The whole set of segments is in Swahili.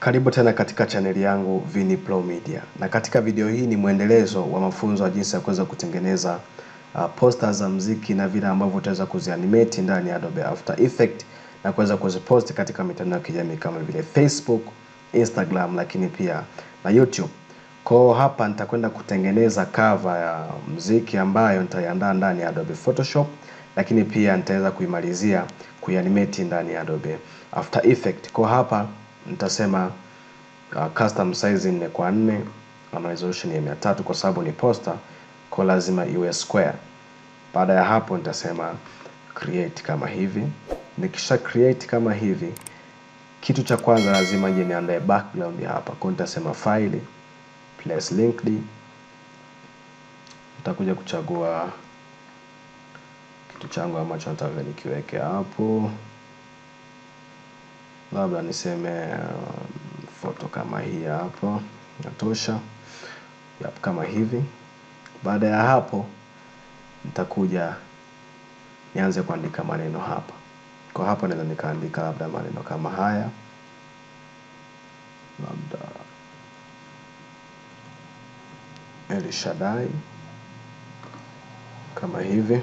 Karibu tena katika chaneli yangu Vini Pro Media, na katika video hii ni mwendelezo wa mafunzo ya jinsi ya kuweza kutengeneza uh, posters za mziki na vile ambavyo utaweza kuzianimate ndani ya Adobe After Effect na kuweza kuziposti katika mitandao ya kijamii kama vile Facebook, Instagram, lakini pia na YouTube. Kwa hapa nitakwenda kutengeneza cover ya mziki ambayo nitaiandaa ndani ya Adobe Photoshop, lakini pia nitaweza kuimalizia kuianimate ndani ya Adobe After Effect. Kwa hapa nitasema uh, custom size 4 kwa 4 ama resolution ya 300 kwa sababu ni poster, kwa lazima iwe square. Baada ya hapo nitasema create kama hivi. Nikisha create kama hivi, kitu cha kwanza lazima je niandae background ya hapa. Kwa nitasema file place linked, nitakuja kuchagua kitu changu ambacho nataka nikiweke hapo labda niseme um, foto kama hii hapo natosha kama hivi baada ya hapo nitakuja nianze kuandika maneno hapa kwa hapa naweza nikaandika labda maneno kama haya labda Elshadai kama hivi,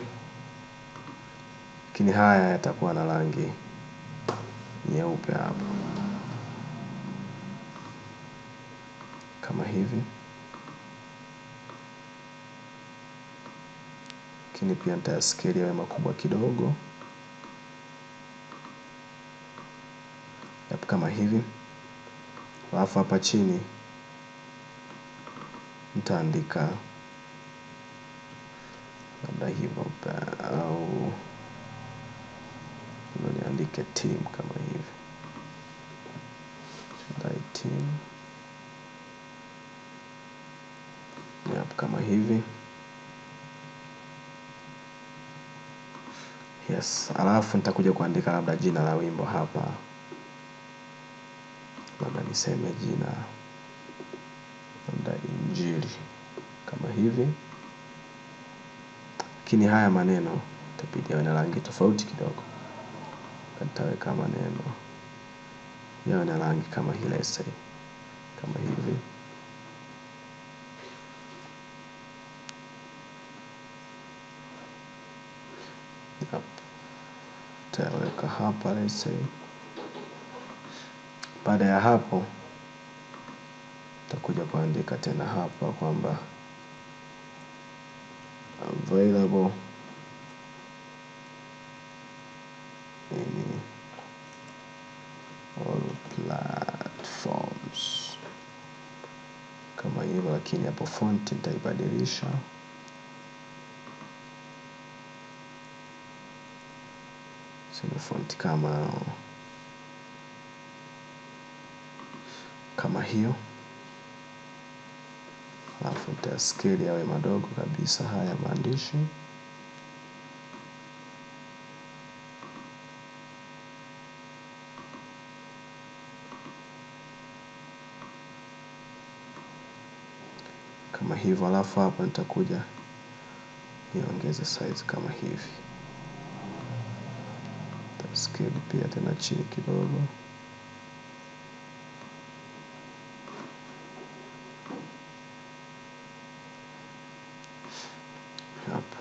lakini haya yatakuwa na rangi nyeupe hapa kama hivi, lakini pia nitayaskeli yawe makubwa kidogo yap kama hivi, alafu hapa chini nitaandika labda hivyo au niandike team kama alafu nitakuja kuandika labda jina la wimbo hapa. Labda niseme jina labda Injili kama hivi, lakini haya maneno itabidi yawe na rangi tofauti kidogo. Nitaweka maneno yawe na rangi kama hii, kama hivi. pale Baada ya hapo takuja kuandika tena hapa kwamba available in all platforms kama hivyo, lakini hapo fonti nitaibadilisha. tuseme font kama kama hiyo alafu nitaskeli yawe madogo kabisa haya maandishi kama hivyo alafu hapa nitakuja niongeze size kama hivi esquerdo pia tena chini kidogo hapa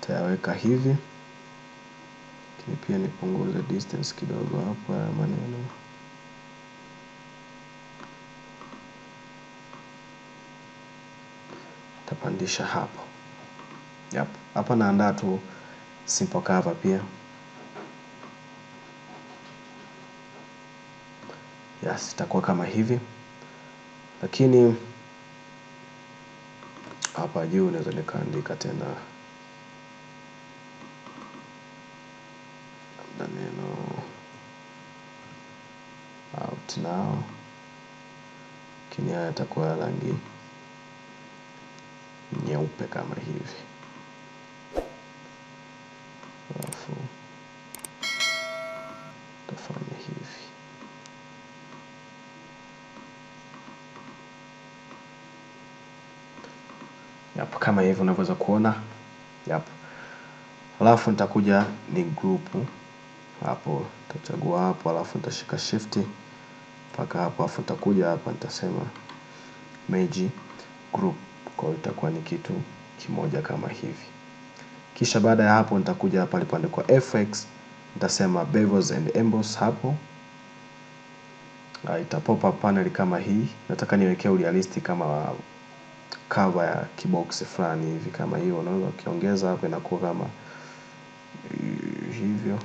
tayaweka hivi lakini pia nipunguze distance kidogo hapo ya maneno tapandisha hapo yep. hapa naandaa tu simple cover pia yes itakuwa kama hivi lakini hapa juu naweza nikaandika tena labda neno out now lakini haya yatakuwa rangi nyeupe kama hivi kama hivyo unavyoweza kuona hapo. Alafu nitakuja ni group hapo, nitachagua hapo, alafu nitashika shift mpaka hapo, alafu nitakuja hapa, nitasema merge group. Kwa hiyo itakuwa ni kitu kimoja kama hivi. Kisha baada ya hapo nitakuja hapa alipoandikwa FX nitasema bevels and emboss hapo ah, ita pop up panel kama hii. Nataka niwekee urealistic kama cover ya kiboksi fulani hivi kama hiyo unaweza ukiongeza hapo inakuwa kama hivyo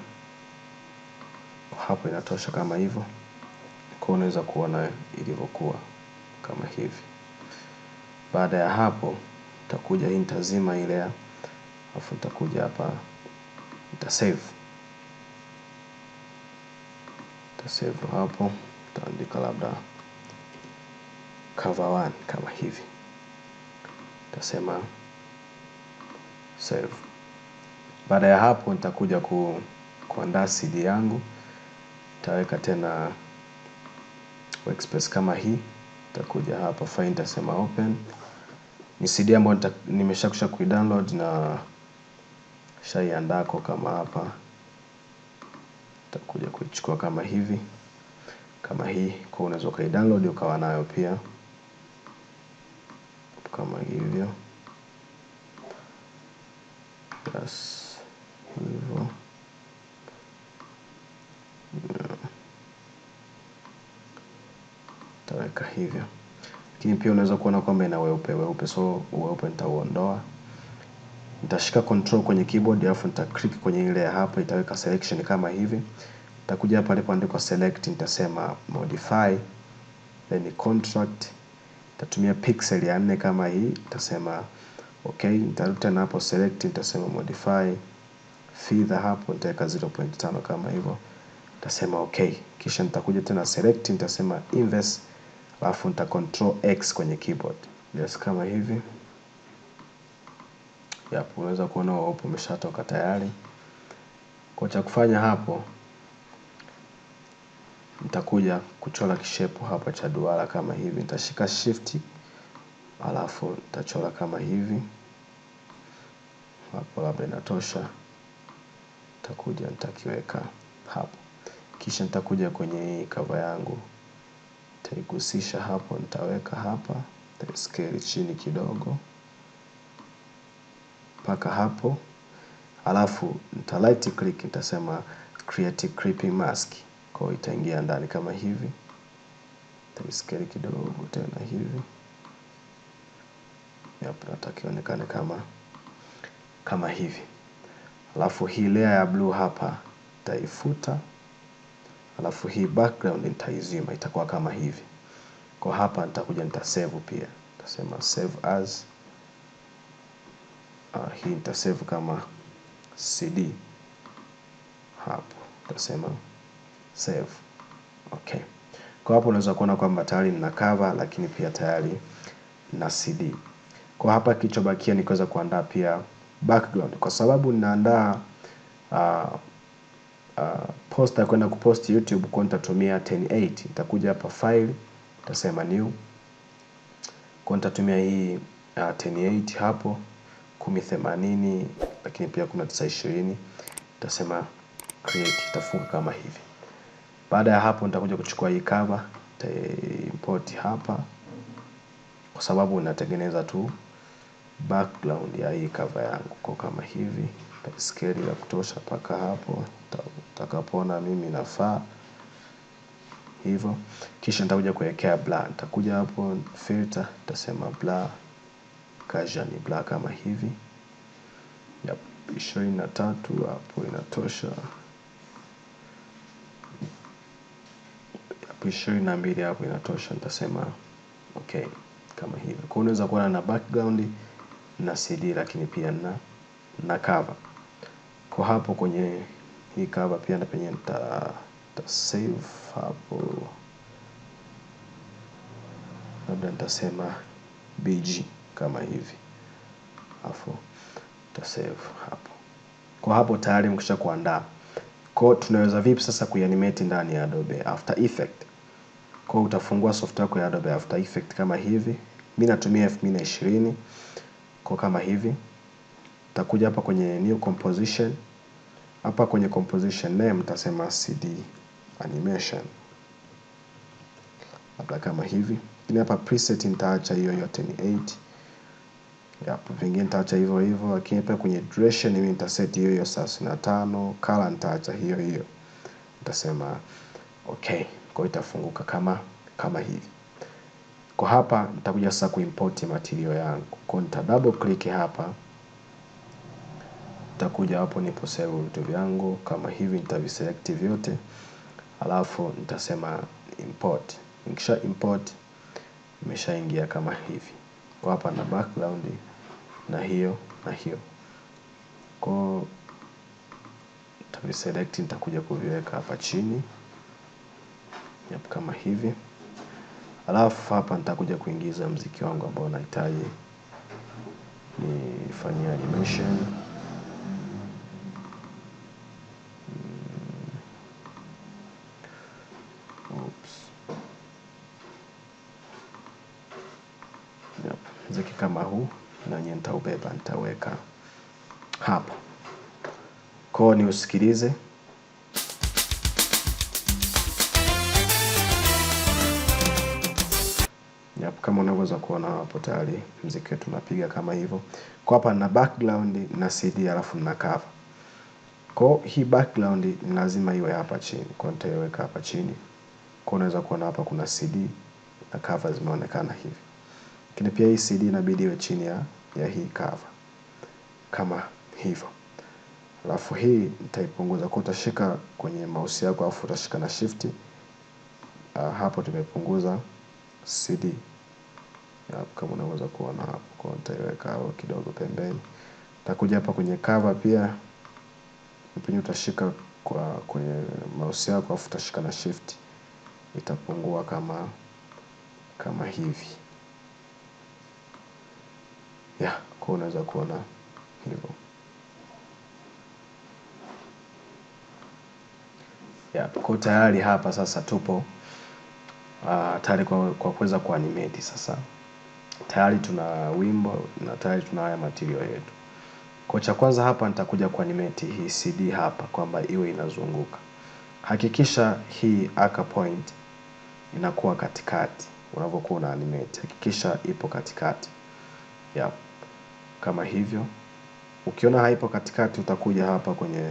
hapo inatosha kama hivyo kwa unaweza kuona ilivyokuwa kama hivi baada ya hapo nitakuja hii nitazima ile afu nitakuja hapa nitasave save hapo nitaandika labda cover 1 kama hivi tasema save. Baada ya hapo nitakuja ku, kuandaa CD yangu, nitaweka tena workspace kama hii, nitakuja hapa file, nitasema open. Ni CD ambayo nimeshakusha kuidownload na shaiandako kama hapa, nitakuja kuichukua kama hivi kama hii, kwa unaweza ukaidownload ukawa nayo pia kama hivyo plus hivyo taweka hivyo lakini pia unaweza kuona kwamba ina weupe weupe so weupe nitauondoa nitashika control kwenye keyboard alafu nita click kwenye ile ya hapo itaweka selection kama hivi nitakuja hapa alipoandikwa select nitasema modify then contract tatumia pixel ya nne kama hii nitasema okay nitaruta na hapo select nitasema modify feather hapo nitaweka 0.5 kama hivyo nitasema okay kisha nitakuja tena select nitasema inverse alafu nita control x kwenye keyboard yes, kama hivi yapo unaweza kuona wapo umeshatoka tayari kwa cha kufanya hapo nitakuja kuchora kishepu hapa cha duara kama hivi nitashika shift alafu nitachora kama hivi hapo labda inatosha nitakuja nitakiweka hapo kisha nitakuja kwenye hii kava yangu nitaigusisha hapo nitaweka hapa nitaiskeli chini kidogo mpaka hapo alafu nita right click nitasema create creepy mask kwa itaingia ndani kama hivi taiskeli kidogo tena hivi yep, kama kama hivi alafu hii layer ya blue hapa taifuta alafu hii background nitaizima itakuwa kama hivi kwa hapa nitakuja nitasave pia nitasema save as uh, hii nitasave kama cd hapo nitasema save. Okay. Kwa hapo unaweza kuona kwamba tayari nina cover lakini pia tayari na CD. Kwa hapa kilichobakia ni kuweza kuandaa pia background kwa sababu ninaandaa uh, uh, poster kwenda kupost YouTube kwa nitatumia 1080. Nitakuja hapa file, nitasema new. Kwa nitatumia hii uh, 1080 hapo 1080 lakini pia 1920 nitasema create, itafunga kama hivi. Baada ya hapo nitakuja kuchukua hii cover, import hapa kwa sababu natengeneza tu background ya hii cover yangu kwa kama hivi, scale ya kutosha mpaka hapo nitakapoona mimi nafaa hivyo. Kisha nitakuja kuwekea blur, nitakuja hapo filter, nitasema blur kaja ni blur kama hivi, yep, ishirini na tatu hapo inatosha. ishirini na mbili hapo inatosha nitasema okay kama hivyo kwa unaweza kuona na background na CD lakini pia na na cover kwa hapo kwenye hii cover pia na penye nita, nita save hapo labda nitasema BG kama hivi afu save hapo kwa hapo tayari mkisha kuandaa kwa tunaweza vipi sasa kuanimate ndani ya Adobe After Effect kwa utafungua software yako ya Adobe After Effects kama hivi. Mimi natumia 2020 kwa kama hivi. Utakuja hapa kwenye new composition. Hapa kwenye composition name utasema CD animation. Labda kama hivi. Kini hapa preset nitaacha hiyo yote ni 8. Hapo vingine nitaacha hivyo hivyo, lakini hapa kwenye duration mimi nitaset hiyo hiyo 35, color nitaacha hiyo hiyo. Nitasema okay. Kwa itafunguka kama kama hivi. Kwa hapa nitakuja sasa kuimport material yangu. Kwa nita double click hapa. Nitakuja hapo nipo save vitu vyangu kama hivi nitaviselect vyote. Alafu nitasema import. Nikisha import imeshaingia kama hivi. Kwa hapa na background na hiyo na hiyo. Kwa nitaviselect nitakuja kuviweka hapa chini yep, kama hivi alafu hapa nitakuja kuingiza mziki wangu ambao nahitaji nifanyia animation hmm. kama huu nanye nitaubeba nitaweka hapa kwao usikilize. kama unavyoweza kuona hapo tayari mziki wetu unapiga kama hivyo. Kwa hapa na background na CD alafu na cover. Kwa hii background ni lazima iwe hapa chini. Kwa nitaiweka hapa chini. Kwa unaweza kuona hapa kuna CD na cover zimeonekana hivi. Lakini pia hii CD inabidi iwe chini ya ya hii cover. Kama hivyo. Alafu hii nitaipunguza. Kwa utashika kwenye mouse yako alafu utashika na shift. Uh, hapo tumepunguza CD kama unaweza kuona hapo kwa nitaiweka hapo kidogo pembeni takuja hapa kwenye cover pia mpini utashika kwa kwenye mouse yako afu utashika na shift itapungua kama kama hivi ya kwa unaweza kuona hivyo ya kwa tayari hapa sasa tupo uh, tayari kwa, kwa kuweza kuanimate sasa tayari tuna wimbo na tayari tuna haya material yetu kwa cha kwanza hapa nitakuja kwa nimeti hii cd hapa kwamba iwe inazunguka hakikisha hii aka point inakuwa katikati unavyokuwa una animate hakikisha ipo katikati yeah. kama hivyo ukiona haipo katikati utakuja hapa kwenye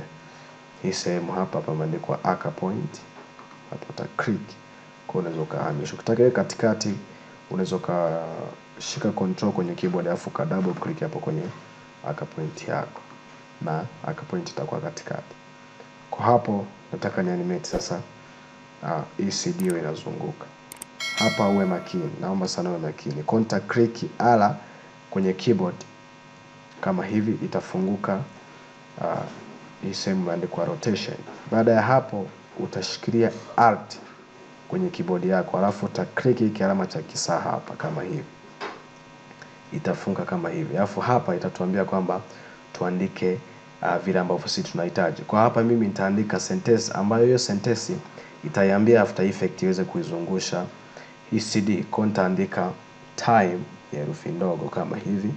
hii sehemu hapa pameandikwa aka point hapo uta click kwa unaweza ukahamisha ukitaka iwe katikati unaweza ukashika control kwenye keyboard alafu ka double click hapo kwenye aka point yako na aka point itakuwa katikati. Kwa hapo nataka ni animate sasa ah, hii uh, CD inazunguka hapa. Uwe makini, naomba sana uwe makini. Counter click ala kwenye keyboard kama hivi itafunguka ah, hii uh, sehemu imeandikwa rotation. Baada ya hapo utashikilia alt kwenye kibodi yako alafu utakliki hiki alama cha kisaa hapa kama hivi itafunga kama hivi alafu hapa itatuambia kwamba tuandike uh, vile ambavyo sisi tunahitaji kwa hapa mimi nitaandika sentence ambayo hiyo sentence itaiambia after effect iweze kuizungusha hii cd kwa nitaandika time ya herufi ndogo kama hivi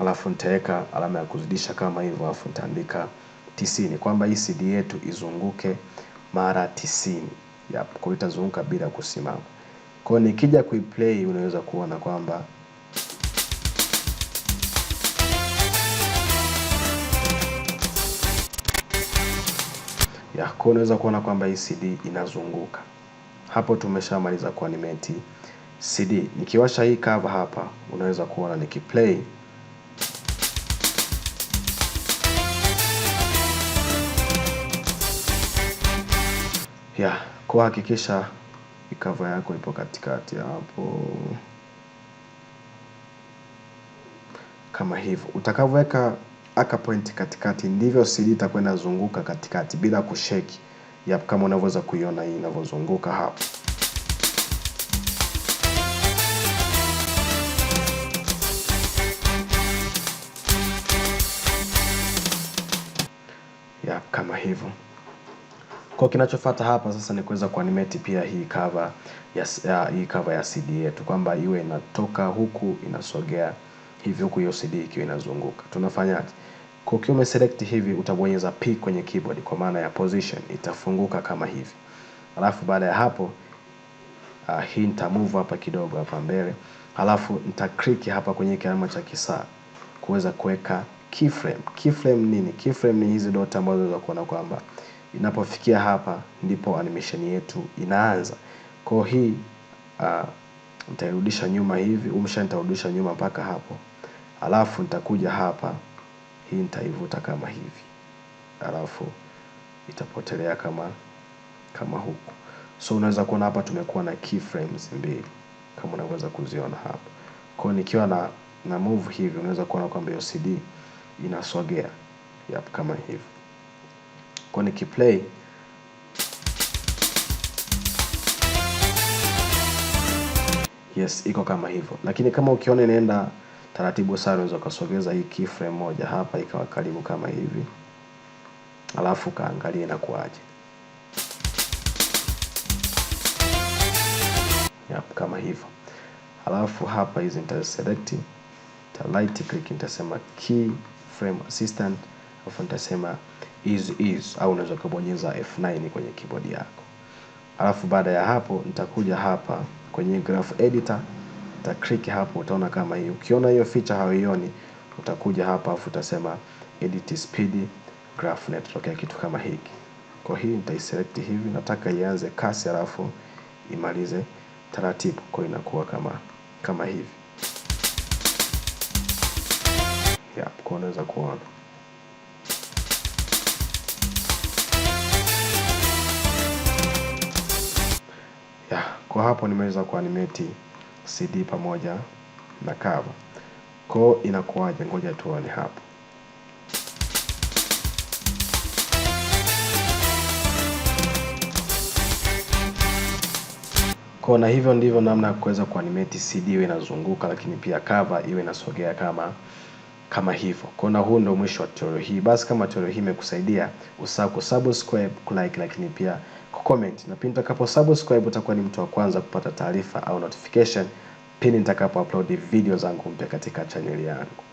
alafu nitaweka alama ya kuzidisha kama hivyo alafu nitaandika tisini kwamba hii cd yetu izunguke mara tisini Yep, kwa itazunguka bila kusimama. Kwa hiyo nikija kuiplay unaweza kuona kwamba ya, kwa unaweza kuona kwamba hii CD inazunguka. Hapo tumeshamaliza kuanimate CD. Nikiwasha hii cover hapa, unaweza kuona nikiplay ya kwa hakikisha yako ipo katikati hapo kama hivyo utakavyoweka aka point katikati ndivyo CD itakuwa inazunguka katikati bila kusheki yap kama unavyoweza kuiona hii inavyozunguka hapo yap kama hivyo kwa kinachofuata hapa sasa ni kuweza kuanimate pia hii cover ya, ya, hii cover ya CD yetu kwamba iwe inatoka huku inasogea hivi huku hiyo CD ikiwa inazunguka. Tunafanya kwa ukiwa umeselect hivi utabonyeza P kwenye keyboard kwa maana ya position itafunguka kama hivi. Alafu baada ya hapo uh, hii nita move hapa kidogo hapa mbele. Alafu nita click hapa kwenye kialama cha kisaa kuweza kuweka keyframe. Keyframe nini? Keyframe ni hizi dot ambazo unaweza kuona kwamba inapofikia hapa ndipo animation yetu inaanza kwa hii ah, nitarudisha uh, nyuma hivi umsha nitarudisha nyuma mpaka hapo alafu nitakuja hapa hii nitaivuta kama hivi alafu itapotelea kama kama huku so unaweza kuona hapa tumekuwa na keyframes mbili kama unaweza kuziona hapa kwa nikiwa na na move hivi unaweza kuona kwamba hiyo cd inasogea yep, kama hivi kwa nikiplay yes, iko kama hivyo, lakini kama ukiona inaenda taratibu sana, unaweza ukasogeza hii keyframe moja hapa ikawa karibu kama hivi, alafu kaangalia inakuaje. Yep, kama hivyo. Alafu hapa hizi nitaselect, nita click, nitasema key frame assistant alafu nitasema is is au unaweza kubonyeza F9 kwenye keyboard yako. Alafu baada ya hapo nitakuja hapa kwenye graph editor uta click hapo, utaona kama hii. Ukiona hiyo feature hauioni, utakuja hapa afu utasema edit speed graph, na itatokea kitu kama hiki. Kwa hii nitaiselect hivi, nataka ianze kasi alafu imalize taratibu, kwa inakuwa kama kama hivi. Yeah, kwa unaweza kuona Kwa hapo nimeweza kuanimate CD pamoja na cover. Kwa inakuwaje? Ngoja tuone hapo. Kwa na hivyo ndivyo namna ya kuweza kuanimate CD iwe inazunguka, lakini pia cover iwe inasogea kama kama hivyo. Kwa na huu ndio mwisho wa tutorial hii. Basi kama tutorial hii imekusaidia, usahau kusubscribe, kulike, lakini pia comment, na pindi utakapo subscribe utakuwa ni mtu wa kwanza kupata taarifa au notification pindi nitakapo upload video zangu mpya katika chaneli yangu.